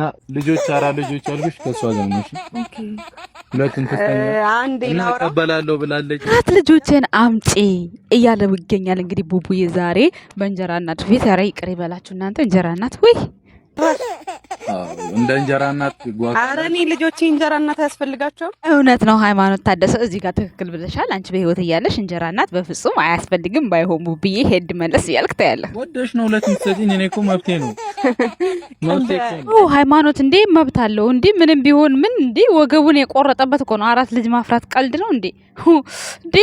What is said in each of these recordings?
እና ልጆች አራ ልጆች አልኩሽ፣ ከሷ ጋር ነሽ። ኦኬ ሁለቱም እቀበላለሁ ብላለች። አራት ልጆችን አምጪ እያለ ይገኛል። እንግዲህ ቡቡዬ ዛሬ በእንጀራ እናት ፊት ኧረ ይቅር ይበላችሁ እናንተ እንጀራ እናት ወይ እንደ እንጀራ እናት ኧረ እኔ ልጆቼ እንጀራ እናት አያስፈልጋቸውም። እውነት ነው ሃይማኖት ታደሰ፣ እዚህ ጋር ትክክል ብለሻል። አንቺ በህይወት እያለሽ እንጀራ እናት በፍጹም አያስፈልግም። ባይሆን ብዬ ሄድ መለስ እያልክ ታያለህ። ወደሽ ነው ሁለት የምትሰጪኝ። እኔ እኮ መብቴ ነው ሃይማኖት እንዴ መብት አለው እንዴ? ምንም ቢሆን ምን እንዴ? ወገቡን የቆረጠበት እኮ ነው። አራት ልጅ ማፍራት ቀልድ ነው እንዴ? እንዴ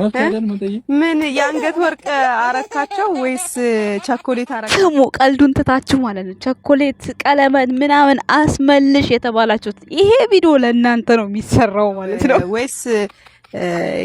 ምን የአንገት ወርቅ አረካቸው ወይስ ቸኮሌት አረካቸው? ስሙ ቀልዱን ትታችሁ ማለት ነው። ቸኮሌት፣ ቀለመን ምናምን አስመልሽ የተባላችሁት ይሄ ቪዲዮ ለእናንተ ነው የሚሰራው ማለት ነው ወይስ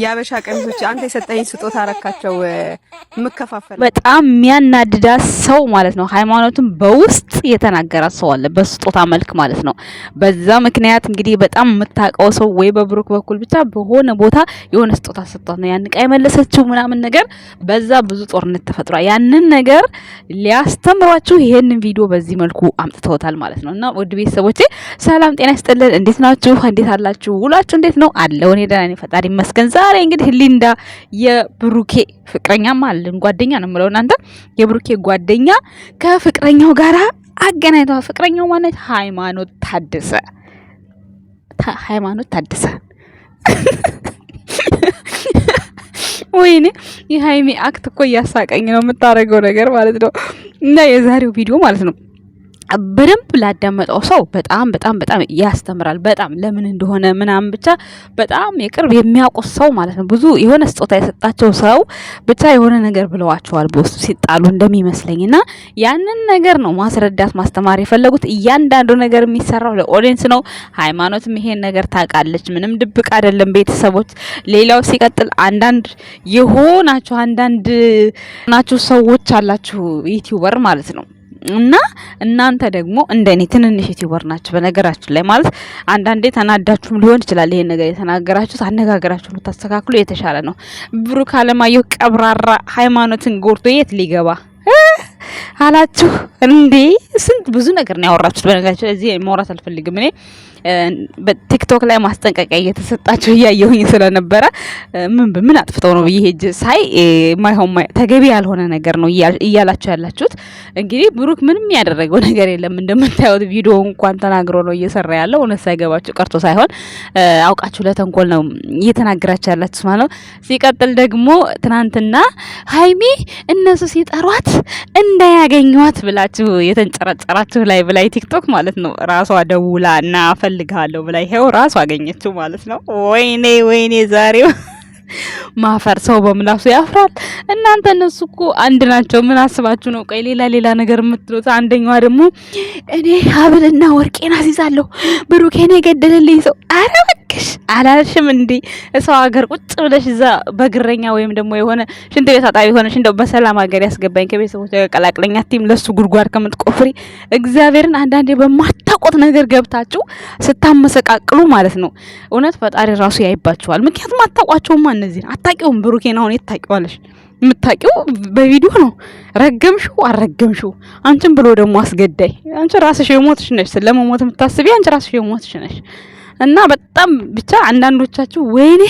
የአበሻ ቀሚሶች አንተ የሰጠኝ ስጦታ አረካቸው ምከፋፈል በጣም የሚያናድዳ ሰው ማለት ነው። ሃይማኖቱን በውስጥ የተናገራት ሰው አለ፣ በስጦታ መልክ ማለት ነው። በዛ ምክንያት እንግዲህ በጣም የምታውቀው ሰው ወይ በብሩክ በኩል ብቻ በሆነ ቦታ የሆነ ስጦታ ሰጥቷት ነው ያን ቃ የመለሰችው ምናምን ነገር፣ በዛ ብዙ ጦርነት ተፈጥሯል። ያንን ነገር ሊያስተምሯችሁ ይሄንን ቪዲዮ በዚህ መልኩ አምጥተውታል ማለት ነው። እና ውድ ቤተሰቦቼ ሰላም ጤና ይስጥልን። እንዴት ናችሁ? እንዴት አላችሁ? ውሏችሁ እንዴት ነው አለው እኔ ደህና ነኝ ፈጣሪ ይመስገን። ዛሬ እንግዲህ ሊንዳ የብሩኬ ፍቅረኛ ማለን ጓደኛ ነው የምለው እናንተ የብሩኬ ጓደኛ ከፍቅረኛው ጋር አገናኝተዋል። ፍቅረኛው ማለት ሃይማኖት ታደሰ ሃይማኖት ታደሰ ወይኔ የሀይሜ አክት እኮ እያሳቀኝ ነው የምታደርገው ነገር ማለት ነው እና የዛሬው ቪዲዮ ማለት ነው በደንብ ላዳመጠው ሰው በጣም በጣም በጣም ያስተምራል። በጣም ለምን እንደሆነ ምናምን ብቻ በጣም የቅርብ የሚያውቁት ሰው ማለት ነው። ብዙ የሆነ ስጦታ የሰጣቸው ሰው ብቻ የሆነ ነገር ብለዋቸዋል በውስጡ ሲጣሉ እንደሚመስለኝ እና ያንን ነገር ነው ማስረዳት ማስተማር የፈለጉት። እያንዳንዱ ነገር የሚሰራው ለኦዲየንስ ነው። ሃይማኖትም ይሄን ነገር ታውቃለች። ምንም ድብቅ አይደለም። ቤተሰቦች ሌላው ሲቀጥል አንዳንድ የሆናችሁ አንዳንድ ናችሁ ሰዎች አላችሁ ዩቲዩበር ማለት ነው እና እናንተ ደግሞ እንደኔ ትንንሽ ዩቲዩበር ናችሁ። በነገራችን ላይ ማለት አንዳንዴ ተናዳችሁም ሊሆን ይችላል። ይሄን ነገር የተናገራችሁት አነጋገራችሁን ብታስተካክሉ የተሻለ ነው። ብሩክ አለማየሁ ቀብራራ ሃይማኖትን ጎርቶ የት ሊገባ አላችሁ እንዴ? ስንት ብዙ ነገር ነው ያወራችሁት። በነገራችን እዚህ ማውራት አልፈልግም እኔ ቲክቶክ ላይ ማስጠንቀቂያ እየተሰጣቸው እያየሁኝ ስለነበረ ምን ምን አጥፍተው ነው ብዬ ሄጅ ሳይ ማይሆን ተገቢ ያልሆነ ነገር ነው እያላችሁ ያላችሁት። እንግዲህ ብሩክ ምንም ያደረገው ነገር የለም። እንደምታዩት ቪዲዮ እንኳን ተናግሮ ነው እየሰራ ያለው። እውነት ሳይገባችሁ ቀርቶ ሳይሆን አውቃችሁ ለተንኮል ነው እየተናገራችሁ ያላችሁ ማለት ነው። ሲቀጥል ደግሞ ትናንትና ሀይሚ እነሱ ሲጠሯት እንዳያገኟት ብላችሁ የተንጨረጨራችሁ ላይ ብላይ ቲክቶክ ማለት ነው ራሷ ደውላ እና እፈልግሃለሁ ብላ ይኸው ራሱ አገኘችው ማለት ነው። ወይኔ ወይኔ ዛሬው ማፈር ሰው በምላሱ ያፍራል። እናንተ እነሱ እኮ አንድ ናቸው። ምን አስባችሁ ነው? ቆይ ሌላ ሌላ ነገር የምትሉት? አንደኛዋ ደግሞ እኔ ሀብልና ወርቄን አስይዛለሁ ብሩኬን የገደለልኝ ሰው አረ እባክሽ አላልሽም እንዴ? ሰው ሀገር ቁጭ ብለሽ እዛ በግረኛ ወይም ደግሞ የሆነ ሽንት ቤት አጣቢ ሆነሽ እንደው በሰላም ሀገር ያስገባኝ ከቤተሰቦች ጋር ቀላቅለኛ ቲም ለሱ ጉድጓድ ከምትቆፍሪ እግዚአብሔርን አንዳንዴ በማታውቁት ነገር ገብታችሁ ስታመሰቃቅሉ ማለት ነው። እውነት ፈጣሪ ራሱ ያይባችኋል። ምክንያቱም አታውቋቸውማ እነዚህን አታውቂውም። ብሩኬን አሁን የት ታውቂዋለሽ? የምታውቂው በቪዲዮ ነው። ረገምሽው አልረገምሽው አንቺን ብሎ ደግሞ አስገዳይ አንቺ ራስሽ የሞትሽ ነሽ። ስለመሞት የምታስቢ አንቺ ራስሽ የሞትሽ ነሽ። እና በጣም ብቻ አንዳንዶቻችሁ ወይኔ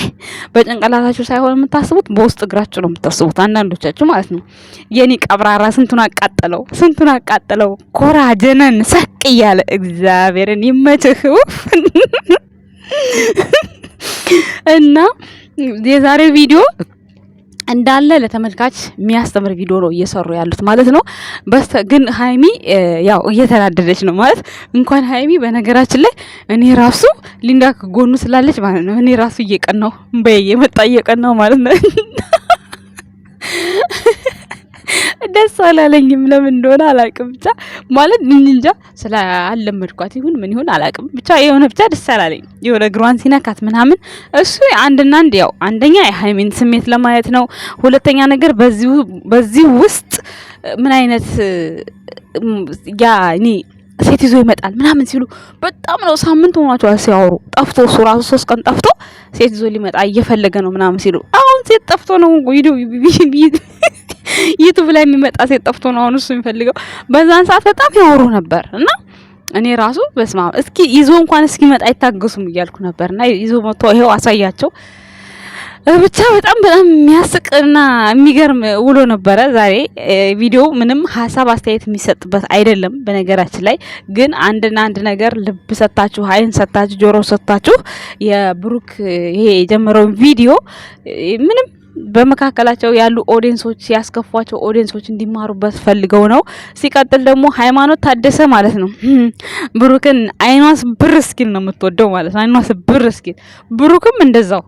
በጭንቅላታችሁ ሳይሆን የምታስቡት በውስጥ እግራችሁ ነው የምታስቡት፣ አንዳንዶቻችሁ ማለት ነው። የኔ ቀብራራ ስንቱን አቃጠለው፣ ስንቱን አቃጠለው። ኮራ ጀነን ሰቅ እያለ እግዚአብሔርን ይመችህ እና የዛሬ ቪዲዮ እንዳለ ለተመልካች የሚያስተምር ቪዲዮ ነው እየሰሩ ያሉት ማለት ነው። በስተ ግን ሀይሚ ያው እየተናደደች ነው ማለት እንኳን ሀይሚ በነገራችን ላይ እኔ ራሱ ሊንዳ ከጎኑ ስላለች ማለት ነው እኔ ራሱ ነው በየ የመጣ ነው ማለት ነው። ደስ አላለኝም። ለምን እንደሆነ አላቅም። ብቻ ማለት እንጃ ስለ አለመድኳት ይሁን ምን ይሁን አላቅም። ብቻ የሆነ ብቻ ደስ አላለኝ። የሆነ እግሯን ሲነካት ምናምን እሱ አንድና አንድ ያው አንደኛ የሀይሚን ስሜት ለማየት ነው። ሁለተኛ ነገር በዚህ ውስጥ ምን አይነት ያ እኔ ሴት ይዞ ይመጣል ምናምን ሲሉ በጣም ነው። ሳምንት ሆኗቸዋል ሲያወሩ። ጠፍቶ እሱ ራሱ ሶስት ቀን ጠፍቶ ሴት ይዞ ሊመጣ እየፈለገ ነው ምናምን ሲሉ፣ አሁን ሴት ጠፍቶ ነው ዩቱብ ላይ የሚመጣ ሴት ጠፍቶ ነው አሁን እሱ የሚፈልገው። በዛን ሰዓት በጣም ያወሩ ነበር እና እኔ ራሱ በስማ እስኪ ይዞ እንኳን እስኪመጣ አይታገሱም እያልኩ ነበር እና ይዞ መጥቶ ይኸው አሳያቸው። ብቻ በጣም በጣም የሚያስቅና የሚገርም ውሎ ነበረ ዛሬ። ቪዲዮ ምንም ሀሳብ አስተያየት የሚሰጥበት አይደለም። በነገራችን ላይ ግን አንድና አንድ ነገር ልብ ሰታችሁ፣ አይን ሰታችሁ፣ ጆሮ ሰታችሁ የብሩክ ይሄ የጀመረውን ቪዲዮ ምንም በመካከላቸው ያሉ ኦዲንሶች ያስከፏቸው ኦዲንሶች እንዲማሩበት ፈልገው ነው። ሲቀጥል ደግሞ ሃይማኖት ታደሰ ማለት ነው ብሩክን አይኗስ ብር እስኪል ነው የምትወደው ማለት ነው። አይኗስ ብር እስኪል ብሩክም እንደዛው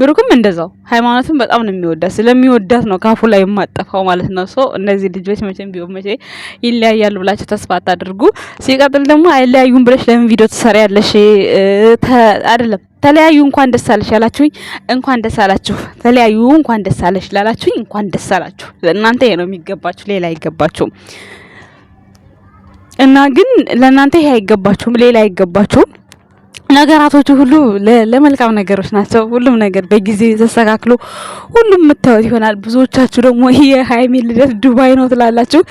ብሩክም እንደዛው ሃይማኖትም በጣም ነው የሚወዳት። ስለሚወዳት ነው ካፉ ላይ የማጠፋው ማለት ነው። ሶ እነዚህ ልጆች መቼም ቢሆን መቼ ይለያያሉ ብላቸው ተስፋ አታድርጉ። ሲቀጥል ደግሞ አይለያዩም ብለሽ ለምን ቪዲዮ ትሰሪያለሽ? አይደለም ተለያዩ እንኳን ደስ አለሽ ያላችሁኝ እንኳን ደስ አላችሁ፣ ተለያዩ እንኳን ደስ አለሽ ላላችሁኝ እንኳን ደስ አላችሁ። ለእናንተ ይሄ ነው የሚገባችሁ፣ ሌላ አይገባችሁም። እና ግን ለእናንተ ይሄ አይገባችሁም፣ ሌላ አይገባችሁም። ነገራቶቹ ሁሉ ለመልካም ነገሮች ናቸው። ሁሉም ነገር በጊዜ ተስተካክሎ ሁሉም የምታዩት ይሆናል። ብዙዎቻችሁ ደግሞ የሀይሚ ልደት ዱባይ ነው ትላላችሁ።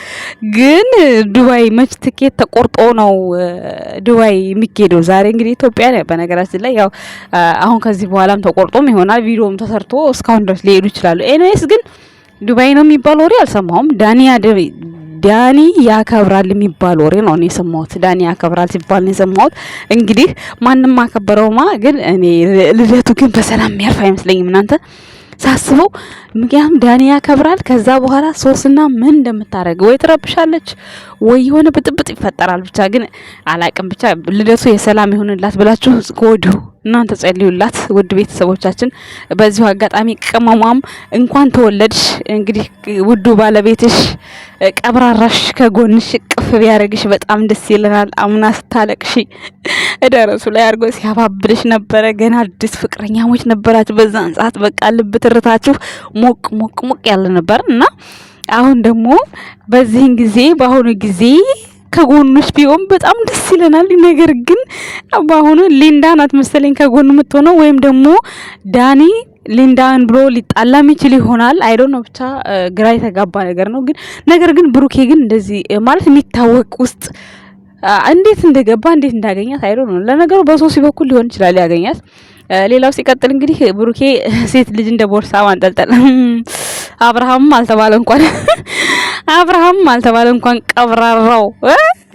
ግን ዱባይ መች ትኬት ተቆርጦ ነው ዱባይ የሚኬደው? ዛሬ እንግዲህ ኢትዮጵያ በነገራችን ላይ ያው አሁን ከዚህ በኋላም ተቆርጦም ይሆናል ቪዲዮም ተሰርቶ እስካሁን ድረስ ሊሄዱ ይችላሉ። ኤንዌስ ግን ዱባይ ነው የሚባል ወሬ አልሰማሁም። ዳኒያ ዳኒ ያከብራል የሚባል ወሬ ነው እኔ የሰማሁት። ዳኒ ያከብራል ሲባል ነው የሰማሁት። እንግዲህ ማንም አከበረውማ፣ ግን እኔ ልደቱ ግን በሰላም የሚያርፍ አይመስለኝም እናንተ ሳስበው ምክንያቱም ዳኒ ያከብራል። ከዛ በኋላ ሶስና ምን እንደምታደርግ ወይ ትረብሻለች ወይ የሆነ ብጥብጥ ይፈጠራል። ብቻ ግን አላቅም። ብቻ ልደቱ የሰላም ይሁንላት ብላችሁ ከወዲሁ እናንተ ጸልዩላት ውድ ቤተሰቦቻችን። በዚሁ አጋጣሚ ቅመሟም እንኳን ተወለድሽ። እንግዲህ ውዱ ባለቤትሽ ቀብራራሽ ከጎንሽ ቅፍ ቢያደርግሽ በጣም ደስ ይለናል። አምና ስታለቅሺ እደረሱ ላይ አድርጎ ሲያባብልሽ ነበረ። ገና አዲስ ፍቅረኛሞች ነበራችሁ በዛን ሰዓት። በቃ ልብ ትርታችሁ ሞቅ ሞቅ ሞቅ ያለ ነበር እና አሁን ደግሞ በዚህን ጊዜ በአሁኑ ጊዜ ከጎኖች ቢሆን በጣም ደስ ይለናል። ነገር ግን በአሁኑ ሊንዳ ናት መሰለኝ ከጎን የምትሆነው ወይም ደግሞ ዳኒ ሊንዳን ብሎ ሊጣላ የሚችል ይሆናል። አይ ነው ብቻ ግራ የተጋባ ነገር ነው። ግን ነገር ግን ብሩኬ ግን እንደዚህ ማለት የሚታወቅ ውስጥ እንዴት እንደገባ እንዴት እንዳገኛት አይዶ ነው። ለነገሩ በሶሲ በኩል ሊሆን ይችላል ያገኛት። ሌላው ሲቀጥል እንግዲህ ብሩኬ ሴት ልጅ እንደ ቦርሳ ማንጠልጠል አብርሃምም አልተባለ እንኳን አብርሃም አልተባለ እንኳን ቀብራራው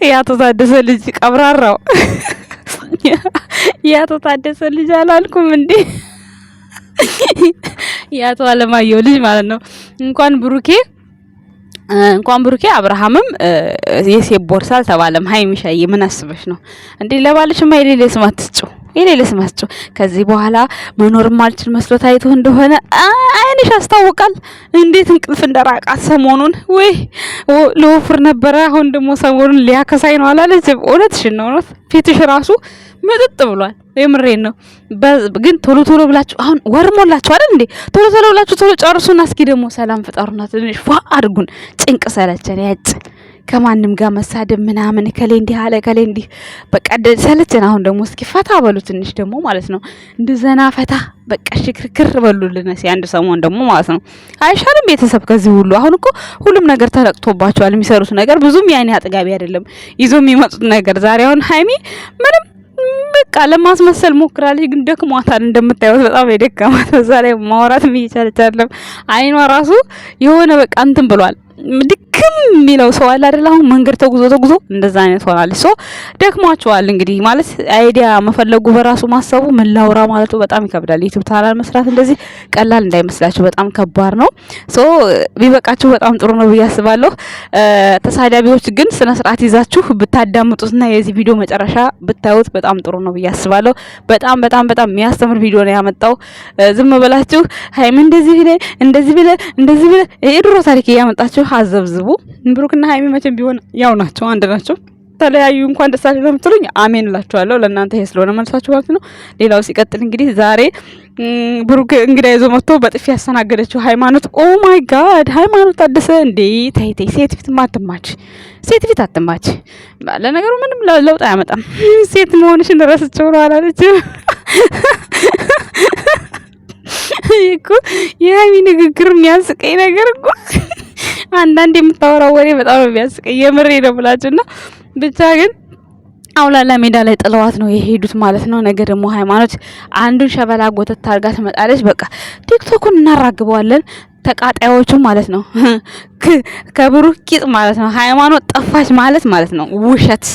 የአቶ ታደሰ ልጅ ቀብራራው የአቶ ታደሰ ልጅ አላልኩም እንዴ? የአቶ አለማየሁ ልጅ ማለት ነው። እንኳን ብሩኬ እንኳን ብሩኬ አብርሃምም የሴት ቦርሳ አልተባለም። ሀይሚሻዬ ምን አስበሽ ነው እንዴ? ለባልሽማ ማይሌ ለስማት አትስጪው። የሌለስ መስጮ ከዚህ በኋላ መኖር ማልችል መስሎ ታይቶ እንደሆነ አይንሽ ያስታውቃል። እንዴት እንቅልፍ እንደራቃት ሰሞኑን ወይ ለወፍር ነበረ። አሁን ደግሞ ሰሞኑን ሊያከሳይ ነው አላለችም? እውነትሽን ነው። ፊትሽ ራሱ ምጥጥ ብሏል። የምሬን ነው። ግን ቶሎ ቶሎ ብላችሁ አሁን ወርሞላችሁ አይደል እንዴ? ቶሎ ቶሎ ብላችሁ ቶሎ ጨርሱና እስኪ ደግሞ ሰላም ፍጠሩና ትንሽ ፏ አድርጉን። ጭንቅ ሰለቸን ያጭ ከማንም ጋር መሳደብ ምናምን ከሌ እንዲህ አለ ከሌ እንዲህ በቃ ሰለችን። አሁን ደግሞ እስኪ ፈታ በሉ ትንሽ ደግሞ ማለት ነው እንደ ዘና ፈታ በቃ ሽክርክር ክርክር በሉልን። እስኪ አንድ ሰሞን ደግሞ ማለት ነው አይሻልም? ቤተሰብ ከዚህ ሁሉ አሁን እኮ ሁሉም ነገር ተለቅቶባቸዋል። የሚሰሩት ነገር ብዙም ያኔ አጥጋቢ አይደለም። ይዞ የሚመጡት ነገር ዛሬ አሁን ሀይሚ ምንም በቃ ለማስመሰል ሞክራለች፣ ግን ደክሟታል። እንደምታዩት በጣም የደከማት በዛ ላይ ማውራት እየቻለች አይደለም። አይኗ ራሱ የሆነ በቃ እንትን ብሏል። ድክም የሚለው ሰው አለ አይደል? አሁን መንገድ ተጉዞ ተጉዞ እንደዛ አይነት ሆናል። ሶ ደክሟቸዋል እንግዲህ ማለት አይዲያ መፈለጉ በራሱ ማሰቡ ምን ላውራ ማለቱ በጣም ይከብዳል። ዩቲዩብ ታላል መስራት እንደዚህ ቀላል እንዳይመስላችሁ በጣም ከባድ ነው። ሶ ቢበቃችሁ በጣም ጥሩ ነው ብዬ አስባለሁ። ተሳዳቢዎች ግን ስነ ስርዓት ይዛችሁ ብታዳምጡትና የዚህ ቪዲዮ መጨረሻ ብታዩት በጣም ጥሩ ነው ብዬ አስባለሁ። በጣም በጣም በጣም የሚያስተምር ቪዲዮ ነው ያመጣው። ዝም ብላችሁ ሀይም እንደዚህ ብለ እንደዚህ ብለ እንደዚህ ብለ የድሮ ታሪክ እያመጣችሁ አዘብዝቡ። ተሳሰቡ። ብሩክና ሀይሚ መቼም ቢሆን ያው ናቸው፣ አንድ ናቸው። ተለያዩ እንኳን ደስ አላችሁ ለምትሉኝ አሜን እላችኋለሁ። ለእናንተ ይሄ ስለሆነ መልሳችሁ ማለት ነው። ሌላው ሲቀጥል እንግዲህ ዛሬ ብሩክ እንግዳ ይዞ መጥቶ በጥፊ ያስተናገደችው ሃይማኖት፣ ኦ ማይ ጋድ ሃይማኖት አደሰ እንዴ! ተይ ተይ፣ ሴት ፊት ማትማች፣ ሴት ፊት አትማች። ለነገሩ ምንም ለውጥ አያመጣም። ሴት መሆንሽን ረስቸው ነው አላለች እኮ የሀይሚ ንግግር የሚያስቀኝ ነገር እኮ አንዳንድ የምታወራው ወሬ በጣም የሚያስቀኝ የምሬ ነው ብላችሁ እና ብቻ ግን አውላላ ሜዳ ላይ ጥለዋት ነው የሄዱት ማለት ነው። ነገ ደግሞ ሃይማኖት አንዱን ሸበላ ጎተት ታርጋ ትመጣለች። በቃ ቲክቶኩን እናራግበዋለን ተቃጣዮቹ ማለት ነው። ከብሩ ቂጥ ማለት ነው። ሃይማኖት ጠፋች ማለት ማለት ነው። ውሸት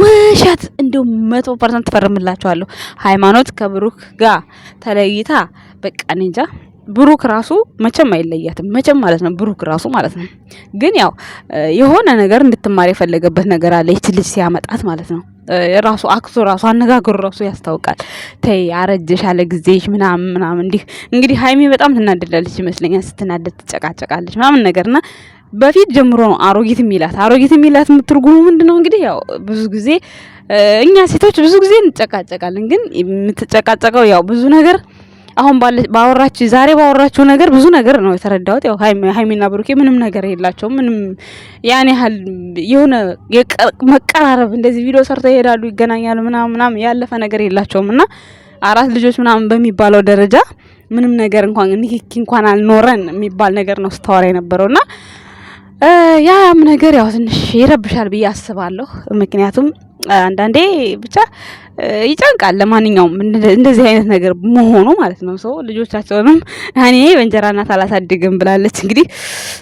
ውሸት እንዲሁ መቶ ፐርሰንት ትፈርምላችኋለሁ። ሃይማኖት ከብሩክ ጋር ተለይታ በቃ እንጃ ብሩክ ራሱ መቼም አይለያትም። መቼም ማለት ነው ብሩክ ራሱ ማለት ነው። ግን ያው የሆነ ነገር እንድትማር የፈለገበት ነገር አለ ይች ልጅ ሲያመጣት ማለት ነው። ራሱ አክቶ ራሱ አነጋገሩ ራሱ ያስታውቃል። ተይ አረጀሽ አለ ጊዜሽ ምናምን ምናምን። እንዲህ እንግዲህ ሀይሚ በጣም ትናደዳለች ይመስለኛል። ስትናደድ ትጨቃጨቃለች ምናምን ነገርና በፊት ጀምሮ ነው አሮጊት የሚላት። አሮጊት የሚላት የምትርጉሙ ምንድን ነው እንግዲህ ያው ብዙ ጊዜ እኛ ሴቶች ብዙ ጊዜ እንጨቃጨቃለን። ግን የምትጨቃጨቀው ያው ብዙ ነገር አሁን ባወራችሁ ዛሬ ባወራችሁ ነገር ብዙ ነገር ነው የተረዳሁት። ያው ሀይሚና ብሩኬ ምንም ነገር የላቸው ምንም ያን ያህል የሆነ መቀራረብ እንደዚህ ቪዲዮ ሰርተው ይሄዳሉ፣ ይገናኛሉ፣ ምናምን ምናምን ያለፈ ነገር የላቸውም እና አራት ልጆች ምናምን በሚባለው ደረጃ ምንም ነገር እንኳን ንክኪ እንኳን አልኖረን የሚባል ነገር ነው ስታወራ የነበረውና ያም ነገር ያው ትንሽ ይረብሻል ብዬ አስባለሁ ምክንያቱም አንዳንዴ ብቻ ይጨንቃል። ለማንኛውም እንደዚህ አይነት ነገር መሆኑ ማለት ነው። ሰው ልጆቻቸውንም እኔ በእንጀራ እናት አላሳድግም ብላለች። እንግዲህ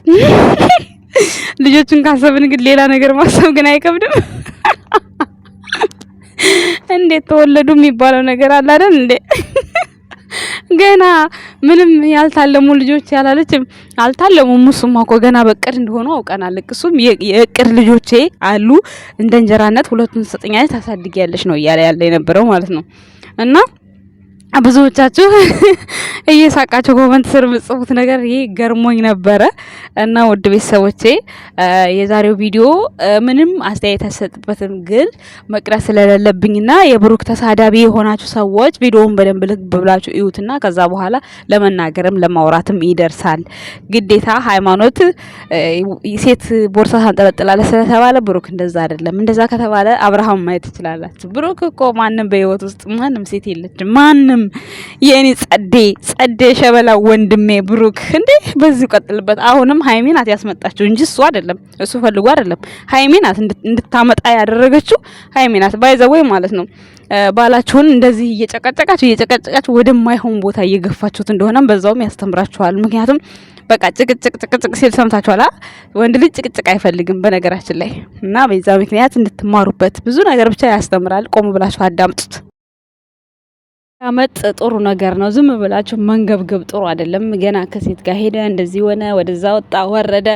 ልጆቹን ካሰብን እንግዲህ ሌላ ነገር ማሰብ ግን አይከብድም። እንዴት ተወለዱ የሚባለው ነገር አለ አይደል እንዴ? ገና ምንም ያልታለሙ ልጆች ያላለችም አልታለሙም። እሱማ እኮ ገና በእቅድ እንደሆኑ አውቀናል። እሱም የእቅድ ልጆቼ አሉ እንደ እንጀራነት ሁለቱን ሰጠኛለች ታሳድጊያለች ነው እያለ ያለ የነበረው ማለት ነው እና ብዙዎቻችሁ እየሳቃችሁ ኮመንት ስር ምጽፉት ነገር ይሄ ገርሞኝ ነበረ እና ውድ ቤተሰቦቼ የዛሬው ቪዲዮ ምንም አስተያየት አይሰጥበትም፣ ግን መቅረት ስለሌለብኝና የብሩክ ተሳዳቢ የሆናችሁ ሰዎች ቪዲዮውን በደንብ ልብ ብላችሁ እዩትና ከዛ በኋላ ለመናገርም ለማውራትም ይደርሳል። ግዴታ ሃይማኖት ሴት ቦርሳ ታንጠለጥላለ ስለተባለ ብሩክ እንደዛ አይደለም። እንደዛ ከተባለ አብርሃም ማየት ትችላላችሁ። ብሩክ እኮ ማንም በህይወት ውስጥ ማንም ሴት የለችም ማንም የእኔ ጸዴ ጸዴ ሸበላ ወንድሜ ብሩክ እንዴ በዚሁ ቀጥልበት። አሁንም ሀይሜ ናት ያስመጣችው እንጂ እሱ አይደለም፣ እሱ ፈልጎ አይደለም። ሀይሜ ናት እንድታመጣ ያደረገችው ሀይሜ ናት። ባይዘወይ ማለት ነው ባላችሁን እንደዚህ እየጨቀጨቃችሁ እየጨቀጨቃችሁ ወደማይሆን ቦታ እየገፋችሁት እንደሆነም በዛውም ያስተምራችኋል። ምክንያቱም በቃ ጭቅጭቅ ጭቅጭቅ ሲል ሰምታችኋላ። ወንድ ልጅ ጭቅጭቅ አይፈልግም በነገራችን ላይ እና በዛ ምክንያት እንድትማሩበት ብዙ ነገር ብቻ ያስተምራል። ቆሙ ብላችሁ አዳምጡት። መጥ ጥሩ ነገር ነው። ዝም ብላችሁ መንገብገብ ጥሩ አይደለም። ገና ከሴት ጋር ሄደ እንደዚህ ሆነ ወደዛ ወጣ ወረደ።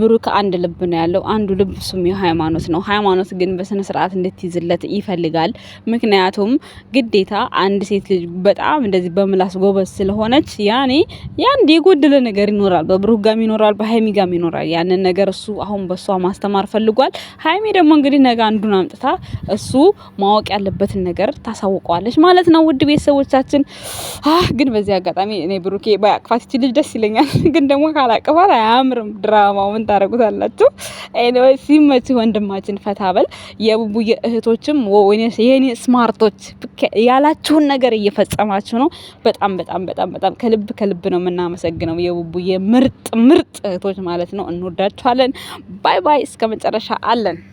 ብሩክ አንድ ልብ ነው ያለው። አንዱ ልብ እሱም የሃይማኖት ነው። ሃይማኖት ግን በስነ ስርዓት እንድትይዝለት ይፈልጋል። ምክንያቱም ግዴታ አንድ ሴት ልጅ በጣም እንደዚህ በምላስ ጎበዝ ስለሆነች ያኔ ያንድ የጎደለ ነገር ይኖራል። በብሩክ ጋም ይኖራል፣ በሀይሚ ጋም ይኖራል። ያንን ነገር እሱ አሁን በእሷ ማስተማር ፈልጓል። ሀይሚ ደግሞ እንግዲህ ነገ አንዱን አምጥታ እሱ ማወቅ ያለበትን ነገር ታሳውቀዋለች ማለት ነው። ውድ ቤት ቤተሰቦቻችን ግን በዚህ አጋጣሚ እኔ ብሩኬ በአቅፋት ይቺ ልጅ ደስ ይለኛል፣ ግን ደግሞ ካላቅፋት አያምርም። ድራማው ምን ታደርጉታላችሁ? ኤኒዌይ ሲመች ወንድማችን ፈታበል የቡቡዬ እህቶችም የኔ ስማርቶች ያላችሁን ነገር እየፈጸማችሁ ነው። በጣም በጣም በጣም በጣም ከልብ ከልብ ነው የምናመሰግነው የቡቡዬ ምርጥ ምርጥ እህቶች ማለት ነው። እንወዳችኋለን። ባይ ባይ። እስከ መጨረሻ አለን።